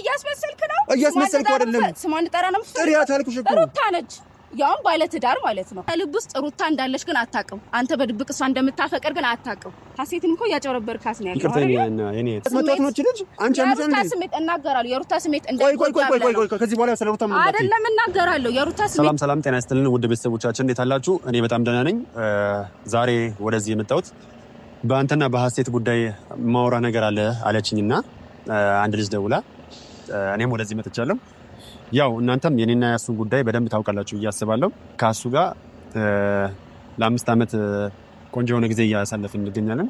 እያስመሰልክ ነው። እያስመሰልክ አይደለም። ስሟን ልጠራ ነው ጥሪያት አልኩሽ እኮ ሩታ ነች። ያውም ባለ ትዳር ማለት ነው። ከልብ ውስጥ ሩታ እንዳለች ግን አታውቅም። አንተ በድብቅ እሷ እንደምታፈቅር ግን አታውቅም። ሀሴትን እኮ እያጨበረበርካት ነው ያለው። የሩታ ስሜት እናገራለሁ። የሩታ ስሜት አይደለም እናገራለሁ። የሩታ ስሜት። ሰላም ሰላም፣ ጤና ይስጥልን ውድ ቤተሰቦቻችን እንዴት አላችሁ? እኔ በጣም ደህና ነኝ። ዛሬ ወደዚህ የመጣሁት በአንተና በሀሴት ጉዳይ ማውራ ነገር አለ አለችኝና አንድ ልጅ ደውላ እኔም ወደዚህ መጥቻለሁ። ያው እናንተም የኔና ያሱን ጉዳይ በደንብ ታውቃላችሁ ብዬ አስባለሁ። ከሱ ጋር ለአምስት ዓመት ቆንጆ የሆነ ጊዜ እያሳለፍን እንገኛለን።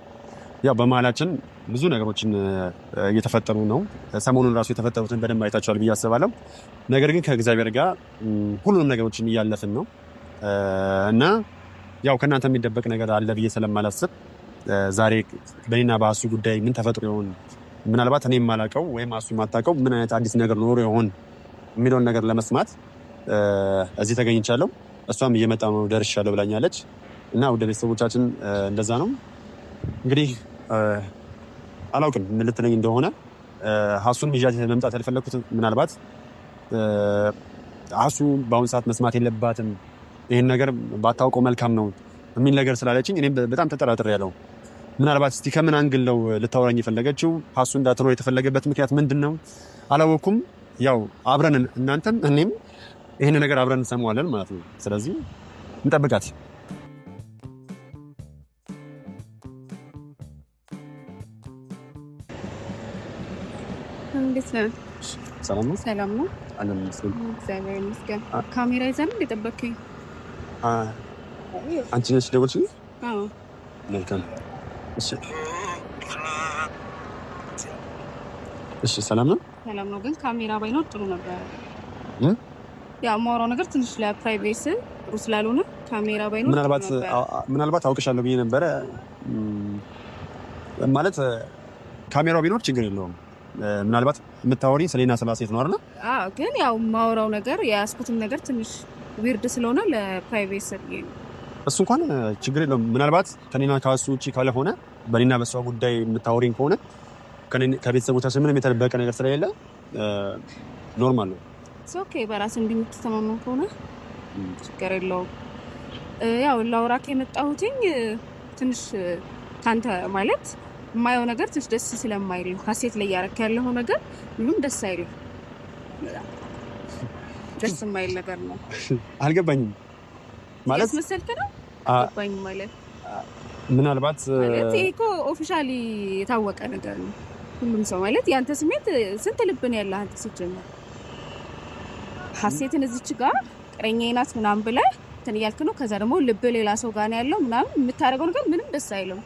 ያው በመሀላችን ብዙ ነገሮችን እየተፈጠሩ ነው። ሰሞኑን ራሱ የተፈጠሩትን በደንብ አይታችኋል ብዬ አስባለሁ። ነገር ግን ከእግዚአብሔር ጋር ሁሉንም ነገሮችን እያለፍን ነው እና ያው ከእናንተ የሚደበቅ ነገር አለ ብዬ ስለማላስብ ዛሬ በኔና በአሱ ጉዳይ ምን ተፈጥሮ ይሆን ምናልባት እኔ የማላውቀው ወይም አሱ የማታውቀው ምን አይነት አዲስ ነገር ኖሮ ይሆን የሚለውን ነገር ለመስማት እዚህ ተገኝቻለሁ። እሷም እየመጣ ነው ደርሻለሁ ብላኛለች። እና ወደ ቤተሰቦቻችን እንደዛ ነው እንግዲህ አላውቅም ምን ልትለኝ እንደሆነ። ሀሱን ይዣት መምጣት ያልፈለግኩት ምናልባት ሀሱ በአሁኑ ሰዓት መስማት የለባትም ይህን ነገር ባታውቀው መልካም ነው የሚል ነገር ስላለችኝ እኔም በጣም ተጠራጥሬ ያለው ምናልባት እስቲ ከምን አንግል ነው ልታወራኝ የፈለገችው? ሀሱ እንዳትኖር የተፈለገበት ምክንያት ምንድን ነው? አላወኩም። ያው አብረን እናንተም እኔም ይህን ነገር አብረን እንሰማዋለን ማለት ነው። ስለዚህ እንጠብቃት። እንዴት ነህ? ሰላም ነው? ሰላም ነው። እግዚአብሔር ይመስገን። ካሜራ ይዘን እንደጠበቅኝ አንቺ ነሽ ደወልሽልኝ? መልካም እሺ፣ ሰላም ነው፣ ሰላም ነው። ግን ካሜራ ባይኖር ጥሩ ነበር። ያ የማወራው ነገር ትንሽ ለፕራይቬሲ ጥሩ ስላልሆነ ካሜራ ባይኖር ምናልባት ምናልባት አውቅሻለሁ ብዬ ነበረ። ማለት ካሜራው ቢኖር ችግር የለውም። ምናልባት የምታወሪ ስለና ስለ ሴት ነው አይደል? ግን ያው የማወራው ነገር የያዝኩትን ነገር ትንሽ ዊርድ ስለሆነ ለፕራይቬሲ ብዬ ነው እሱ እንኳን ችግር የለውም። ምናልባት ከኔና ከሱ ውጭ ካለሆነ በኔና በሷ ጉዳይ የምታወሪኝ ከሆነ ከቤተሰቦቻችን ምንም የተደበቀ ነገር ስለሌለ ኖርማል ነው። ኦኬ በራስህ እንዲህ ከሆነ ችግር የለውም። ያው ላውራክ የመጣሁትኝ ትንሽ ካንተ ማለት የማየው ነገር ትንሽ ደስ ስለማይል ሀሴት ላይ ያረክ ያለው ነገር ሁሉም ደስ አይልም። ደስ የማይል ነገር ነው። አልገባኝም ማለት መሰልክ ነው አስገባኝ ማለት ምናልባት ይሄ እኮ ኦፊሻሊ የታወቀ ነገር ነው። ሁሉም ሰው ማለት የአንተ ስሜት ስንት ልብ ያለ ያለህ አንተ ሲጀመር ሀሴትን እዚች ጋር ቅረኛዬ ናት ምናምን ብለህ እንትን እያልክ ነው። ከዛ ደግሞ ልብ ሌላ ሰው ጋር ነው ያለው ምናምን የምታደርገው ነገር ምንም ደስ አይልም።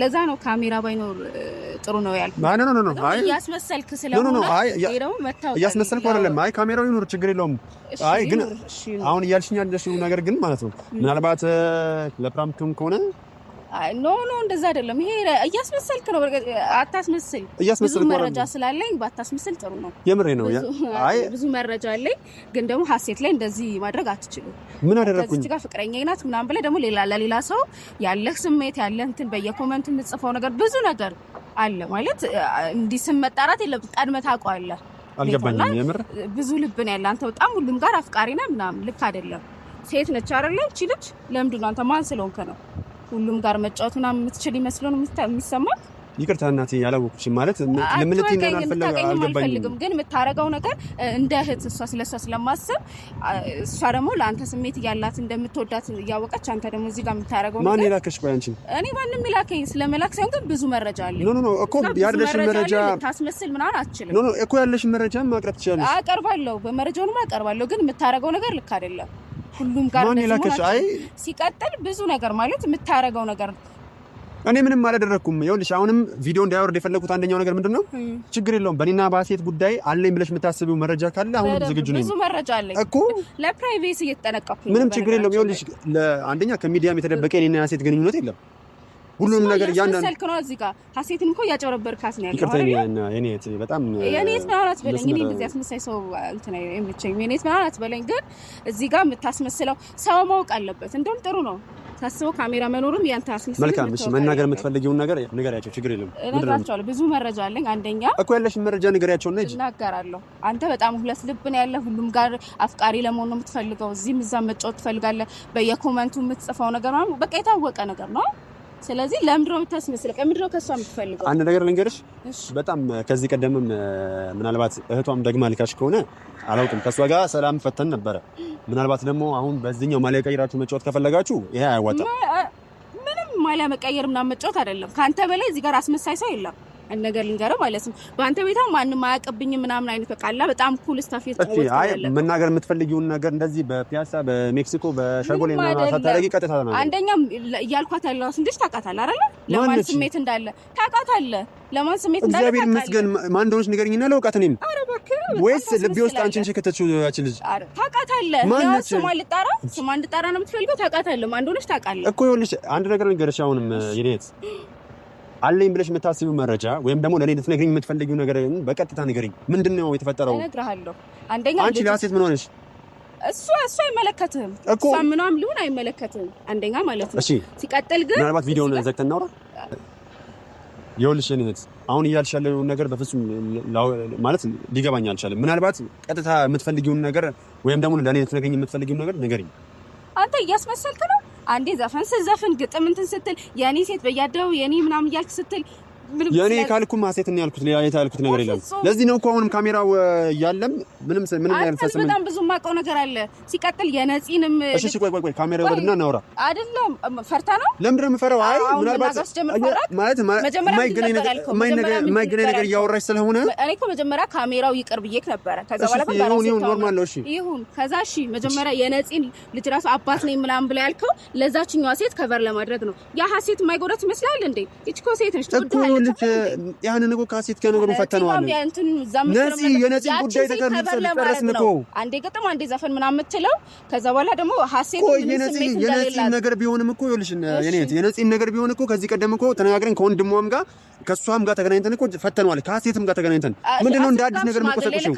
ለዛ ነው ካሜራ ባይኖር ጥሩ ነው ያልኩት። አይ ኖ ኖ ኖ አይ እያስመሰልክ ስለሆነ አይ እያስመሰልክ አይደለም። አይ ካሜራው ይኑር ችግር የለውም። አይ ግን አሁን እያልሽኝ ያለሽው ነገር ግን ማለት ነው ምናልባት ለፕራምፕቱም ከሆነ ኖ ኖ እንደዛ አይደለም። ይሄ እያስመሰልክ ነው። አታስመስል። ብዙ መረጃ ስላለኝ ባታስመስል ጥሩ ነው። የምሬ ነው። አይ ብዙ መረጃ አለኝ፣ ግን ደግሞ ሀሴት ላይ እንደዚህ ማድረግ አትችልም። ምን አደረኩኝ? እዚህ ጋር ፍቅረኛ ናት ምናምን ብለህ ደግሞ ሌላ ለሌላ ሰው ያለህ ስሜት ያለህ እንትን በየኮመንቱ የምጽፈው ነገር ብዙ ነገር አለ ማለት እንዲህ ስም መጣራት የለም። ቀድመህ ታውቀዋለህ። አልገባኝም። የምር ብዙ ልብ ነው ያለ አንተ። በጣም ሁሉም ጋር አፍቃሪ ነህ ምናምን። ልክ አይደለም። ሴት ነች አይደለ? እቺ ልጅ ለምንድን ነው አንተ ማን ስለሆንክ ነው ሁሉም ጋር መጫወት ምናምን የምትችል ይመስለን የሚሰማህ ይቅርታ እናቴ ያላወኩሽ ማለት ለምልት እንደሆነ አልፈልግም፣ ግን የምታረገው ነገር እንደ እህት እሷ ስለሷ ስለማስብ እሷ ደግሞ ለአንተ ስሜት እያላት እንደምትወዳት እያወቀች አንተ ደግሞ እዚህ ጋር የምታረገው ነገር ማን የላከሽ? ቆይ አንቺ እኔ ማንም የላከኝ ስለመላክ ሳይሆን ግን ብዙ መረጃ አለ። ኖ ኖ ኖ እኮ ያለሽ መረጃ ታስመስል ምናምን አትችልም። ኖ ኖ እኮ ያለሽ መረጃ ማቅረብ ትችላለሽ። አቀርባለሁ፣ በመረጃውንም አቀርባለሁ፣ ግን የምታረገው ነገር ልክ አይደለም። ሁሉም ጋር ሲቀጥል ብዙ ነገር ማለት የምታረገው ነገር እኔ ምንም አላደረኩም። ይኸውልሽ አሁንም ቪዲዮ እንዳያወርድ የፈለኩት አንደኛው ነገር ምንድን ነው፣ ችግር የለውም በእኔና በሴት ጉዳይ አለኝ ብለሽ የምታስቢው መረጃ ካለ አሁን ዝግጁ ነኝ። ብዙ መረጃ አለኝ እኮ ለፕራይቬሲ እየተጠነቀቅኩኝ። ምንም ችግር የለውም። ይኸውልሽ አንደኛ ከሚዲያም የተደበቀ የእኔና ሴት ግንኙነት የለም። ሁሉንም ነገር እያንዳንዱ ስልክ ነው። እዚህ ጋር ሀሴትን እኮ እያጨበረበርካት ነው ያለው አይደል? የኔ በጣም የኔ ምናምን አትበለኝ። እኔ እንደዚህ አስመሳይ ሰው እንትን አይመቸኝም። የኔ ምናምን አትበለኝ። ግን እዚህ ጋር የምታስመስለው ሰው ማወቅ አለበት። እንደውም ጥሩ ነው ታስቦ ካሜራ መኖሩም ያልታስስ መልካም። እሺ መናገር የምትፈልጊውን ነገር ንገሪያቸው፣ ችግር የለም እነግራቸዋለሁ። ብዙ መረጃ አለኝ። አንደኛ እኮ ያለሽ መረጃ ንገሪያቸው። ነጅ እናገራለሁ። አንተ በጣም ሁለት ልብ ነው ያለ፣ ሁሉም ጋር አፍቃሪ ለመሆን ነው የምትፈልገው። እዚህም እዛም መጫወት ትፈልጋለህ። በየኮመንቱ የምትጽፈው ነገር ማለት በቃ የታወቀ ነገር ነው። ስለዚህ ለምድሮ ነው ከምድሮ ምንድን ከእሷ የምትፈልገው? አንድ ነገር ልንገርሽ፣ በጣም ከዚህ ቀደምም ምናልባት እህቷም ደግማ ልካሽ ከሆነ አላውቅም፣ ከእሷ ጋር ሰላም ፈተን ነበረ ምናልባት ደግሞ አሁን በዚህኛው ማሊያ ቀይራችሁ መጫወት ከፈለጋችሁ ይሄ አያዋጣም። ምንም ማሊያ መቀየር ምናምን መጫወት አይደለም። ከአንተ በላይ እዚህ ጋር አስመሳይ ሰው የለም። ነገር ልንገረው ማለት ነው። በአንተ ቤታ ማንም አያውቅብኝ ምናምን አይነት በቃላ በጣም ኩል ስታፍ የተጫወተ ያለ መናገር የምትፈልጊውን ነገር እንደዚህ በፒያሳ በሜክሲኮ በሸጎሌ ሳታረጊ ቀጥታ ነው። አንደኛ እያልኳት ያለው ስንድሽ ታውቃታለህ አይደለ? ለማን ስሜት እንዳለ ታውቃታለህ። ለማን ስሜት እንዳለ እግዚአብሔር ይመስገን። ማን እንደሆነች ንገረኝና ለውቃት እኔም ወይስ ልቤ ውስጥ አንቺን ሸከተችው ያችን ልጅ ታውቃታለህ። ስሟ ልጣራ ስሟ እንድጣራ ነው የምትፈልገው። ታውቃታለህ። ማን እንደሆነች ታውቃለህ እኮ። ይኸውልሽ አንድ ነገር ንገረሽ አሁንም ይሄት አለኝ ብለሽ የምታስቢው መረጃ ወይም ደግሞ ለእኔ ልትነግሪኝ የምትፈልጊው ነገር በቀጥታ ንገሪኝ። ምንድን ነው የተፈጠረው? እነግርሃለሁ። አንደኛ አንቺ ለሀሴት ምን ሆነሽ? እሱ እሱ አይመለከትህም እኮ ምናምን ሊሆን አይመለከትህም። አንደኛ ማለት ነው። እሺ፣ ሲቀጥል ግን ምናልባት ቪዲዮውን ዘግተን እናውራ። ይኸውልሽ የእኔ አሁን እያልሽ ያለውን ነገር በፍጹም ማለት ሊገባኝ አልቻለም። ምናልባት ቀጥታ የምትፈልጊውን ነገር ወይም ደግሞ ለእኔ ልትነግሪኝ የምትፈልጊውን ነገር ንገሪኝ። አንተ እያስመሰልክ ነው አንዴ ዘፈን ስትዘፍን ግጥም እንትን ስትል የኔ ሴት በያደው የኔ ምናምን እያልክ ስትል የኔ ካልኩ ማሴት ነው ያልኩት፣ ሌላ ያልኩት ነገር የለም። ለዚህ ነው እኮ አሁንም ካሜራው ያለም ምንም ምንም አይፈስም። በጣም ብዙ የማውቀው ነገር አለ። ሲቀጥል የነፂንም እሺ፣ እሺ፣ ቆይ ቆይ ቆይ፣ ካሜራው ወድና እናውራ። አይደለም ፈርታ ነው። ለምንድን ነው የምፈራው? አይ ምናልባት ማለት የማይገናኝ ነገር እያወራሽ ስለሆነ እኔ እኮ መጀመሪያ ካሜራው ይቅር ብዬሽ ነበረ። ከዛ በኋላ በቃ ነው ይሁን፣ ኖርማል ነው። እሺ ይሁን። ከዛ እሺ መጀመሪያ የነፂን ልጅ ራሱ አባት ነኝ ምናምን ብላ ያልከው ለዛችኛዋ ሴት ከቨር ለማድረግ ነው። ያ ሀሴት የማይጎዳት ይመስላል እንዴ? እቺ እኮ ሴት ነች። ይኸውልሽ ያንን እኮ ካሴት ከነገሩ ፈተነዋል። ነፂ የነፂን ጉዳይ ተከርጨረስን እኮ አንዴ ግጥም አንዴ ዘፈን ምናምን የምትለው ከዛ በኋላ ደግሞ ሀሴት የነፂን ነገር ቢሆንም እኮ ይኸውልሽ የነፂን ነገር ቢሆን እኮ ከዚህ ቀደም እኮ ተነጋግረን ከወንድሟም ጋር ከእሷም ጋር ተገናኝተን እኮ ፈተነዋል። ከሀሴትም ጋር ተገናኝተን ምንድነው እንደ አዲስ ነገር የምቆሰጥሽው?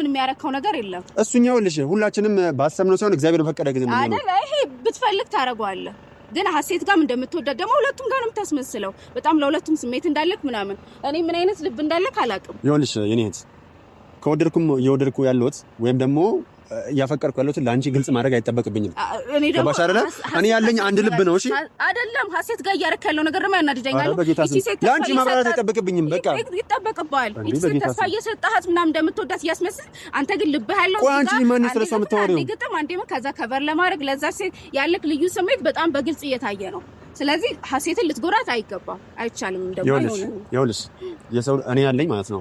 ምንም ያደረከው ነገር የለም። እሱኛው ይኸውልሽ ሁላችንም ባሰብነው ሳይሆን እግዚአብሔር በፈቀደ ጊዜ ብትፈልግ ታደርገዋለህ ግን ሀሴት ጋርም እንደምትወዳት ደግሞ ሁለቱም ጋር ነው የምታስመስለው። በጣም ለሁለቱም ስሜት እንዳለክ ምናምን እኔ ምን አይነት ልብ እንዳለክ አላውቅም። ይኸውልሽ የኔ እህት ከወደድኩም እየወደድኩ ያለሁት ወይም ደግሞ እያፈቀርኩ ያለሁትን ለአንቺ ግልጽ ማድረግ አይጠበቅብኝም። እኔ ደግሞ እኔ ያለኝ አንድ ልብ ነው። እሺ አይደለም ሀሴት ጋር እያደረክ ያለው ነገር ያናድደኛል። ለአንቺ ማብራራት አይጠበቅብኝም። በቃ ይጠበቅብሃል። ይቺ ሴት ተስፋ እየሰጠሃት ምናምን እንደምትወዳት እያስመስል አንተ ግን ልብህ ያለው ቆይ፣ አንቺ ማነው ስለሷ የምታወሪው? ግጥም አንዴም ከዛ ከበር ለማድረግ ለዛ ሴት ያለክ ልዩ ስሜት በጣም በግልጽ እየታየ ነው። ስለዚህ ሀሴትን ልትጎራት አይገባም፣ አይቻልም። ይኸውልሽ የሰው እኔ ያለኝ ማለት ነው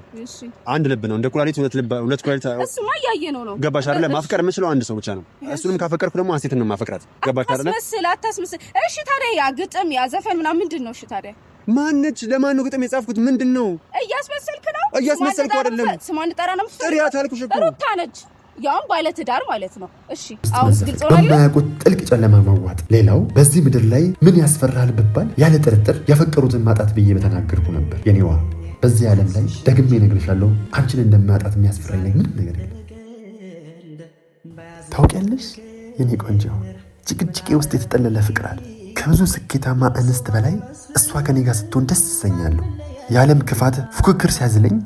አንድ ልብ ነው እንደ ኩላሊት ሁለት ልብ ኩላሊት እሱማ እያየ ነው ነው ገባሽ አይደለ? ማፍቀር የምችለው አንድ ሰው ብቻ ነው። እሱንም ካፈቀርኩ ደግሞ ሀሴትን ነው ማፈቅራት። ገባሽ አይደለ? አታስመስል፣ አታስመስል። እሺ ታዲያ ያ ግጥም ያ ዘፈን ምናምን ምንድን ነው? እሺ ታዲያ ማነች? ለማን ነው ግጥም የጻፍኩት? ምንድን ነው? እያስመሰልክ ነው። እያስመሰልኩ አይደለም። ስማን ጠራ ነው ጥሪያት አልኩሽ እኮ ሩታ ነች። ያውም ባለትዳር ማለት ነው። እሺ አሁን ግልጽ በማያውቁት ጥልቅ ጨለማ ማዋጥ። ሌላው በዚህ ምድር ላይ ምን ያስፈራል ብባል ያለ ጥርጥር ያፈቀሩትን ማጣት ብዬ በተናገርኩ ነበር። የኔዋ በዚህ ዓለም ላይ ደግሜ እነግርሻለሁ፣ አንቺን እንደማጣት የሚያስፈራኝ ላይ ምንም ነገር የለም። ታውቂያለሽ የኔ ቆንጆ፣ ጭቅጭቄ ውስጥ የተጠለለ ፍቅር አለ። ከብዙ ስኬታማ እንስት በላይ እሷ ከኔ ጋር ስትሆን ደስ ይሰኛለሁ። የዓለም ክፋት ፉክክር ሲያዝለኝ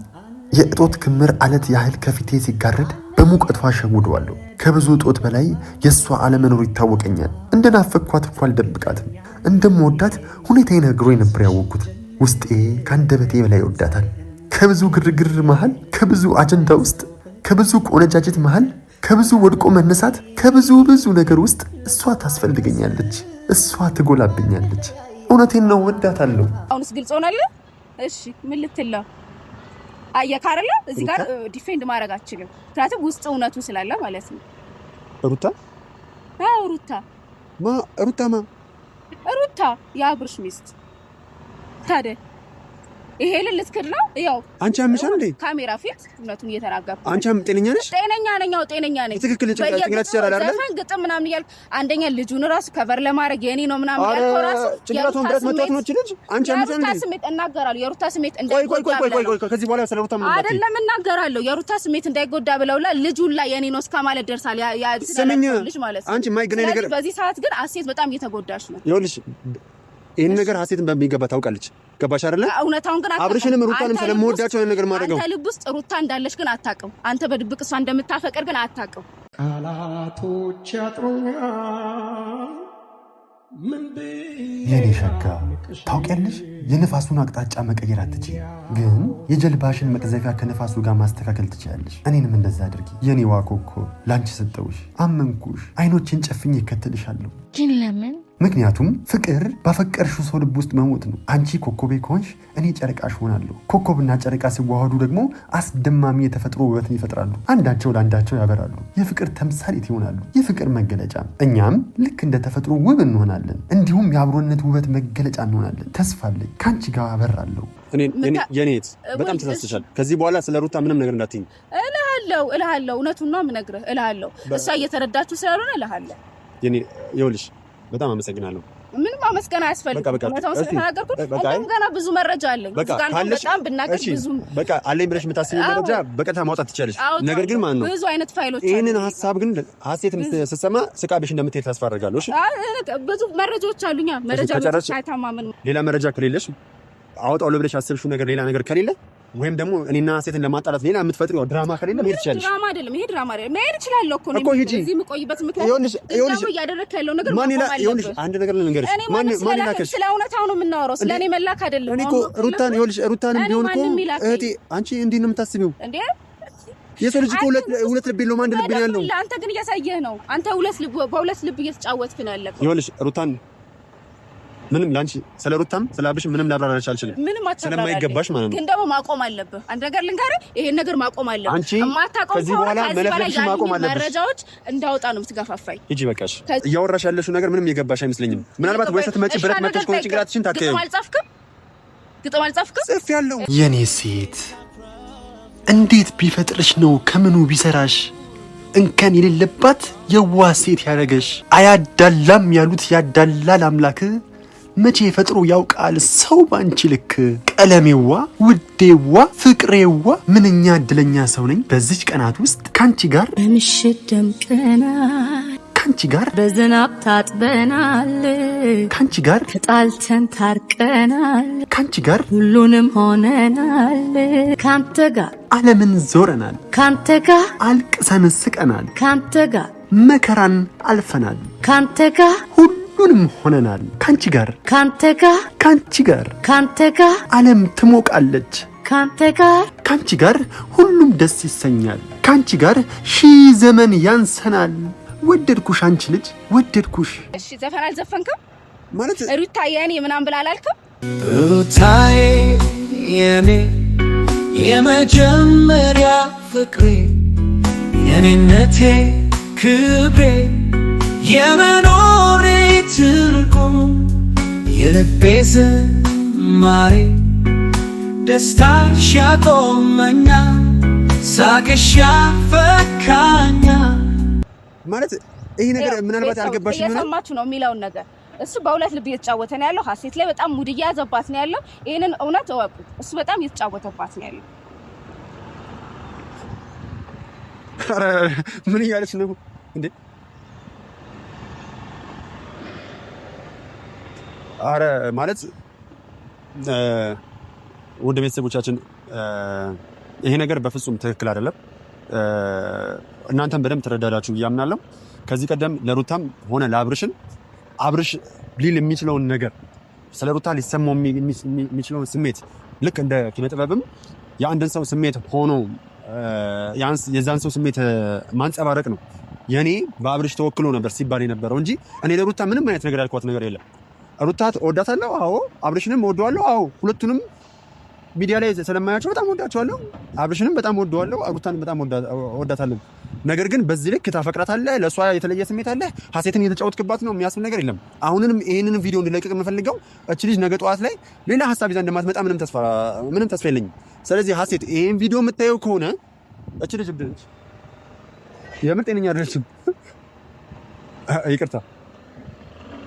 የእጦት ክምር አለት ያህል ከፊቴ ሲጋረድ በሙቀቷ አሸውደዋለሁ። ከብዙ እጦት በላይ የእሷ አለመኖር ይታወቀኛል። እንደናፈቅኳት እኮ አልደብቃትም። እንደምወዳት ሁኔታ ነግሮኝ ነበር ያወቅኩት። ውስጤ ከአንደበቴ በላይ ይወዳታል። ከብዙ ግርግር መሃል፣ ከብዙ አጀንዳ ውስጥ፣ ከብዙ ቆነጃጀት መሃል፣ ከብዙ ወድቆ መነሳት፣ ከብዙ ብዙ ነገር ውስጥ እሷ ታስፈልገኛለች። እሷ ትጎላብኛለች። እውነቴን ነው፣ ወዳታለሁ። አሁንስ ግልጽ ሆናለ። እሺ ምን ልትላ አየካ አይደለ? እዚህ ጋር ዲፌንድ ማድረግ አችልም፣ ምክንያቱም ውስጥ እውነቱ ስላለ ማለት ነው። ሩታ አዎ፣ ሩታ ማ ሩታ ማ ሩታ የአብርሽ ሚስት ታዲያ ይሄ ልልትክድ ነው። ያው አንቺ አምሻል እንዴ ካሜራ ፊት እውነቱን እየተናገርኩ አንቺ አም ጤነኛ ነሽ? ጤነኛ ነኝ። ያው ጤነኛ ነኝ። ትክክል። ጭንቅላት ይሰራል አይደል? ዘፈን ግጥም ምናምን እያልክ አንደኛ ልጁን ራሱ ከበር ለማድረግ የኔ ነው ምናምን ያልከው ራሱ ጭንቅላቱን ብረት መቷት ነው ልጅ። አንቺ አምሻል እንዴ? የሩታ ስሜት እናገራለሁ። የሩታ ስሜት እንዳይጎዳ ቆይ ቆይ ቆይ ቆይ። ከዚህ በኋላ ስለ ሩታ ምን አይደለም እናገራለሁ። የሩታ ስሜት እንዳይጎዳ ብለውላ ልጁን ላይ የኔ ነው እስከ ማለት ደርሳል። ያ ያ ልጅ ማለት አንቺ ማይገናኝ ነገር በዚህ ሰዓት ግን አሴት በጣም እየተጎዳሽ ነው። ይኸውልሽ ይህን ነገር ሀሴትን በሚገባ ታውቃለች። ገባሽ አይደለ? እውነታውን ግን አብርሽንም ሩታንም ስለምወዳቸው ነገር ማድረገው አንተ ልብ ውስጥ ሩታ እንዳለች ግን አታውቅም። አንተ በድብቅ እሷ እንደምታፈቅር ግን አታውቅም። ቃላቶች ያጥሩኛል። የኔ ሸጋ ታውቂያለሽ፣ የነፋሱን አቅጣጫ መቀየር አትችይም፣ ግን የጀልባሽን መቅዘፊያ ከነፋሱ ጋር ማስተካከል ትችላለሽ። እኔንም እንደዛ አድርጊ። የኔ ዋኮኮ ላንቺ ሰጠውሽ፣ አመንኩሽ። አይኖችን ጨፍኝ ይከተልሻለሁ። ግን ለምን ምክንያቱም ፍቅር ባፈቀርሽው ሰው ልብ ውስጥ መሞት ነው። አንቺ ኮከቤ ከሆንሽ እኔ ጨረቃሽ ሆናለሁ። ኮከብና ጨረቃ ሲዋሃዱ ደግሞ አስደማሚ የተፈጥሮ ውበትን ይፈጥራሉ። አንዳቸው ለአንዳቸው ያበራሉ፣ የፍቅር ተምሳሌት ይሆናሉ፣ የፍቅር መገለጫ። እኛም ልክ እንደ ተፈጥሮ ውብ እንሆናለን፣ እንዲሁም የአብሮነት ውበት መገለጫ እንሆናለን። ተስፋ አለኝ፣ ከአንቺ ጋር አበራለሁ። የኔት በጣም ተሳስተሻል። ከዚህ በኋላ ስለ ሩታ ምንም ነገር እንዳትኝ እልሃለሁ። እልሃለሁ፣ እውነቱን ነው የምነግርህ። እልሃለሁ፣ እሷ እየተረዳችሁ ስላልሆነ እልሃለሁ። ይኸውልሽ በጣም አመሰግናለሁ። ምንም አመስገን አያስፈልግም። እውነታውን ስለተናገርኩት እንደውም ገና ብዙ መረጃ አለኝ። በጣም ብናገር ብዙ በቃ አለኝ ብለሽ የምታስቢው መረጃ በቀጥታ ማውጣት ትችላለሽ። ነገር ግን ማን ነው ብዙ አይነት ፋይሎች አሉ። ይህንን ሀሳብ ግን ሀሴት ስትሰማ ስቃብሽ እንደምትሄድ ተስፋ አደርጋለሁ። ብዙ መረጃዎች አሉኛ። መረጃ አይታማምን። ሌላ መረጃ ከሌለሽ አወጣው ለብለሽ አሰብሽው ነገር ሌላ ነገር ከሌለ ወይም ደግሞ እኔና ሴትን ለማጣላት ሌላ የምትፈጥሪው ድራማ ከሌለ መሄድ ትችላለሽ። ድራማ አይደለም ይሄ ድራማ አይደለም። መሄድ እችላለሁ እኮ ነው እዚህ የምቆይበት ምክንያት ይኸውልሽ፣ ይኸውልሽ እያደረክ ያለው ነገር ማን ይላ ይኸውልሽ፣ አንድ ነገር ልንገርሽ። ማን ማን ይላከሽ? ስለ እውነታው ነው የምናወራው፣ ስለ እኔ መላክ አይደለም። እኔ እኮ ሩታን ይኸውልሽ፣ ሩታንም ቢሆን እኮ እህቴ፣ አንቺ እንዴት ነው የምታስቢው እንዴ? የሰው ልጅ ሁለት ሁለት ልብ የለውም አንድ ልብ ነው ያለው። አንተ ግን እያሳየህ ነው። አንተ ሁለት ልብ በሁለት ልብ እየተጫወትክ ነው ያለከው። ይኸውልሽ ሩታን ምንም ላንቺ ስለ ሩታም ስለ አብሽ ምንም ላብራራሽ አልችልም። ምንም ስለማይገባሽ ማለት ነው። ግን ደግሞ ማቆም አለብህ። አንድ ነገር ልንገርህ፣ ይሄን ነገር ማቆም አለብህ። አንቺ ከዚህ በኋላ መለፍለፍሽ ማቆም አለብህ። መረጃዎች እንዳወጣ ነው የምትገፋፋኝ። ሂጂ በቃሽ። እያወራሽ ያለሽው ነገር ምንም የገባሽ አይመስለኝም። ምናልባት ወይ ስትመጪ ብረት መጥተሽ ከሆነ ጭንቅላትሽን ታከዩ። አልጻፍክም፣ ግጥም አልጻፍክም። ያለው የኔ ሴት እንዴት ቢፈጥርሽ ነው ከምኑ ቢሰራሽ እንከን የሌለባት የዋህ ሴት ያደረገሽ። አያዳላም ያሉት ያዳላል አምላክህ መቼ ፈጥሮ ያውቃል ሰው ባንቺ ልክ። ቀለሜዋ፣ ውዴዋ፣ ፍቅሬዋ ምንኛ እድለኛ ሰው ነኝ በዚች ቀናት ውስጥ ካንቺ ጋር በምሽት ደምቀናል፣ ካንቺ ጋር በዝናብ ታጥበናል፣ ካንቺ ጋር ተጣልተን ታርቀናል፣ ካንቺ ጋር ሁሉንም ሆነናል፣ ካንተ ጋር ዓለምን ዞረናል፣ ካንተ ጋር አልቅሰን ስቀናል፣ ካንተ ጋር መከራን አልፈናል፣ ካንተ ጋር ሁሉንም ሆነናል። ካንቺ ጋር ካንተ ጋር ካንቺ ጋር ካንተ ጋር ዓለም ትሞቃለች። ካንተ ጋር ካንቺ ጋር ሁሉም ደስ ይሰኛል። ካንቺ ጋር ሺህ ዘመን ያንሰናል። ወደድኩሽ አንቺ ልጅ ወደድኩሽ። እሺ ዘፈን አልዘፈንክም ማለት ሩታ የኔ ምናምን ብላ አላልክም? ሩታዬ የኔ የመጀመሪያ ፍቅሬ የኔነቴ ክብሬ የመኖር ትርቆ የልቤ ዝማሬ ደስታሽ ያቆመኛ ሳቅሽ ያፈካኛ ማለት ይህ ነገር ምናልባት አልገባሽ የሰማችሁ ነው የሚለውን ነገር እሱ በሁለት ልብ እየተጫወተ ነው ያለው። ሀሴት ላይ በጣም ሙድ እየያዘባት ነው ያለው። ይህንን እውነት እወቁት። እሱ በጣም እየተጫወተባት ነው ያለው። ምን እያለች ነው እንዴ? አረ ማለት ወደ ቤተሰቦቻችን ይሄ ነገር በፍጹም ትክክል አይደለም። እናንተም በደንብ ትረዳዳችሁ እያምናለሁ። አምናለሁ። ከዚህ ቀደም ለሩታም ሆነ ለአብርሽን አብርሽ ሊል የሚችለውን ነገር ስለ ሩታ ሊሰማው የሚችለውን ስሜት ልክ እንደ ኪነጥበብም የአንድን ሰው ስሜት ሆኖ የዛን ሰው ስሜት ማንጸባረቅ ነው። የእኔ በአብርሽ ተወክሎ ነበር ሲባል የነበረው እንጂ እኔ ለሩታ ምንም አይነት ነገር ያልኳት ነገር የለም። ሩታት ወዳታለሁ። አዎ አብርሽንም ወደዋለሁ። አዎ ሁለቱንም ሚዲያ ላይ ስለማያቸው በጣም ወዳቸዋለሁ። አብርሽንም በጣም ወደዋለሁ፣ ሩታንም በጣም ወዳታለሁ። ነገር ግን በዚህ ልክ ታፈቅራታለህ፣ ለእሷ የተለየ ስሜት አለ፣ ሀሴትን እየተጫወትክባት ነው የሚያስብል ነገር የለም። አሁንንም ይህንን ቪዲዮ እንድለቅቅ የምፈልገው እች ልጅ ነገ ጠዋት ላይ ሌላ ሀሳብ ይዛ እንደማትመጣ ምንም ተስፋ የለኝም። ስለዚህ ሀሴት ይህን ቪዲዮ የምታየው ከሆነ እች ልጅ ብድነች፣ የምር ጤነኛ አይደለችም። ይቅርታ